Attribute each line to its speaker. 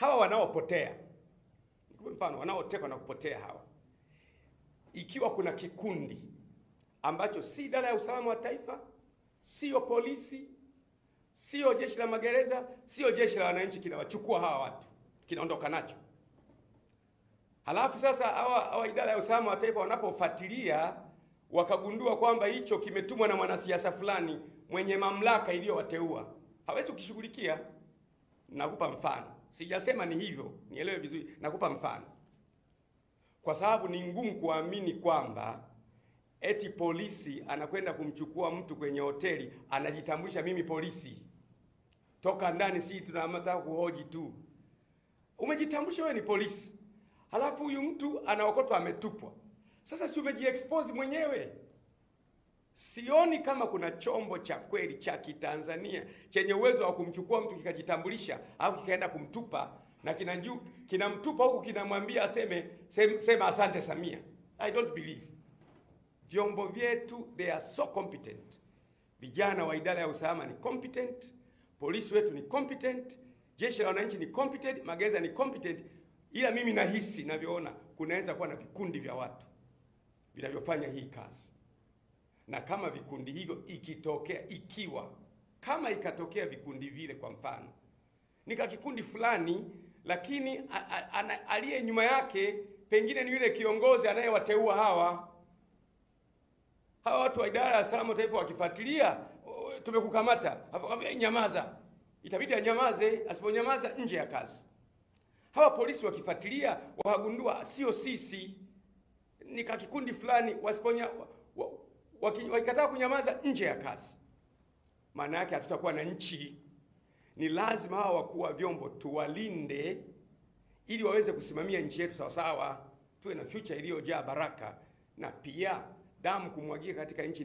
Speaker 1: hawa wanaopotea, mfano, wanaotekwa na kupotea hawa, ikiwa kuna kikundi ambacho si idara ya usalama wa taifa, sio polisi, sio jeshi la magereza, sio jeshi la wananchi, kinawachukua hawa watu, kinaondoka nacho Halafu sasa hawa hawa idara ya usalama wa taifa wanapofuatilia wakagundua kwamba hicho kimetumwa na mwanasiasa fulani mwenye mamlaka iliyowateua, hawezi kukishughulikia Nakupa mfano, Sijasema ni hivyo, nielewe vizuri. Nakupa mfano, kwa sababu ni ngumu kuamini kwamba eti polisi anakwenda kumchukua mtu kwenye hoteli, anajitambulisha mimi polisi, toka ndani, si tunataka kuhoji tu, umejitambulisha wewe ni polisi, halafu huyu mtu anaokotwa ametupwa. Sasa si umejiexpose mwenyewe. Sioni kama kuna chombo cha kweli cha Kitanzania chenye uwezo wa kumchukua mtu kikajitambulisha, alafu kikaenda kumtupa na kinamtupa huku kinamwambia aseme sema, sema asante Samia. I don't believe. Vyombo vyetu they are so competent. Vijana wa idara ya usalama ni competent, polisi wetu ni competent, jeshi la wananchi ni competent, magereza ni competent, ila mimi nahisi navyoona kunaweza kuwa na vikundi vya watu vinavyofanya hii kazi na kama vikundi hivyo ikitokea, ikiwa kama ikatokea vikundi vile, kwa mfano nika kikundi fulani, lakini aliye nyuma yake pengine ni yule kiongozi anayewateua hawa hawa watu wa idara ya salama taifa, wakifuatilia tumekukamata, nyamaza, itabidi anyamaze. Asiponyamaza nje ya kazi. Hawa polisi wakifuatilia, wagundua sio sisi, nika kikundi fulani, wasiponya wa, wakikataa kunyamaza nje ya kazi, maana yake hatutakuwa na nchi. Ni lazima hawa wakuu wa vyombo tuwalinde, ili waweze kusimamia nchi yetu sawasawa, tuwe na future iliyojaa baraka na pia damu kumwagika katika nchi.